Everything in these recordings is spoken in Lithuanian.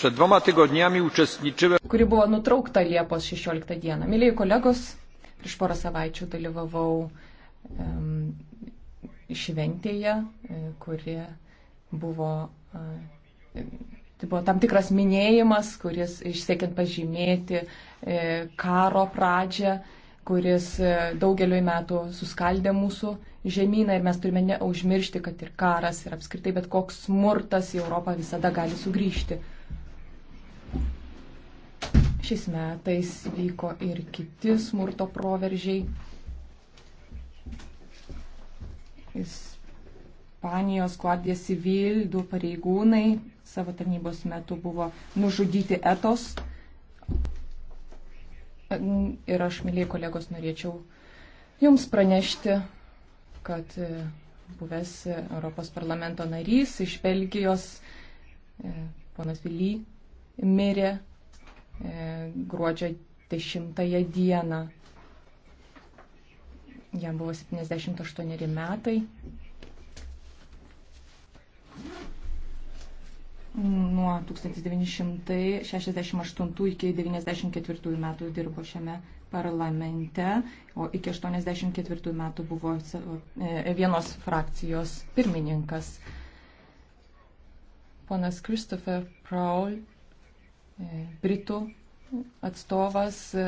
Przed dwoma tygodniami uczestniczyłem. kuri buvo nutraukta Liepos 16 dieną. Mėlyje kolegos, prieš porą savaičių dalyvavau um, šventėje, e, kuri buvo, uh, tai buvo tam tikras minėjimas, kuris išsiekiant pažymėti uh, karo pradžią, kuris uh, daugeliu metų suskaldė mūsų žemyną ir mes turime neužmiršti, kad ir karas ir apskritai bet koks smurtas į Europą visada gali sugrįžti. Šiais metais vyko ir kiti smurto proveržiai. Ispanijos Guardia Civil du pareigūnai savo tarnybos metu buvo nužudyti etos. Ir aš, mėlyje kolegos, norėčiau Jums pranešti, kad e, buvęs Europos parlamento narys iš Belgijos, e, ponas Vily, mirė E, gruodžio 10 dieną. Jam buvo 78 metai. Nuo 1968 iki 1994 metų dirbo šiame parlamente, o iki 1984 metų buvo e, vienos frakcijos pirmininkas. Ponas Christopher Prowl E, Britų atstovas e,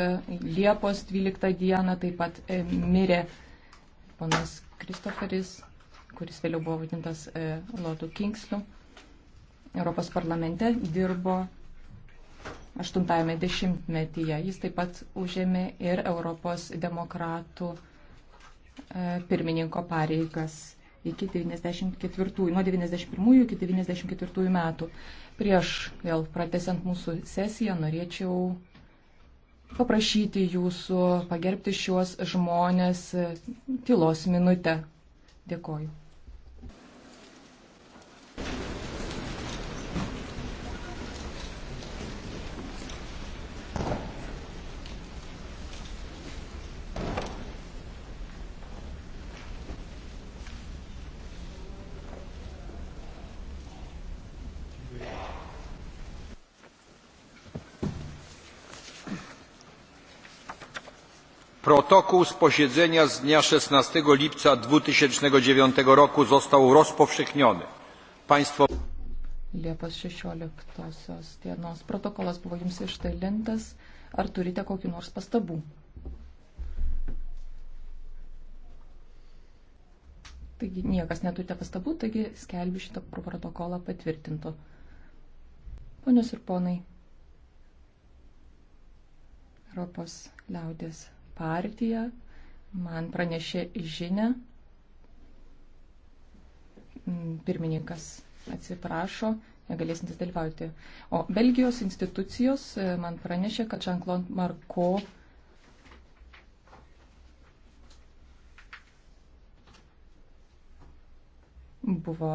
Liepos 12 dieną taip pat e, mirė ponas Kristoferis, kuris vėliau buvo vadintas Lotu Kingsliu. Europos parlamente dirbo 80-ame dešimtmetyje. Jis taip pat užėmė ir Europos demokratų pirmininko pareigas iki 94, nuo 91 iki 94 metų. Prieš vėl pratesiant mūsų sesiją norėčiau paprašyti jūsų pagerbti šiuos žmonės tylos minutę. Dėkoju. Protokół z posiedzenia z dnia 16 lipca 2009 roku został rozpowszechniony. Państwo... Liepos 16 dienos protokolas buvo jums išdalintas. Ar turite kokiu nors pastabų? Taigi niekas neturite pastabų, taigi skelbiu šitą protokolą patvirtintų. Ponios ir ponai, Europos liaudės partija man pranešė žinę. Mm, pirmininkas atsiprašo, negalėsintis dalyvauti. O Belgijos institucijos e, man pranešė, kad Jean-Claude Marko buvo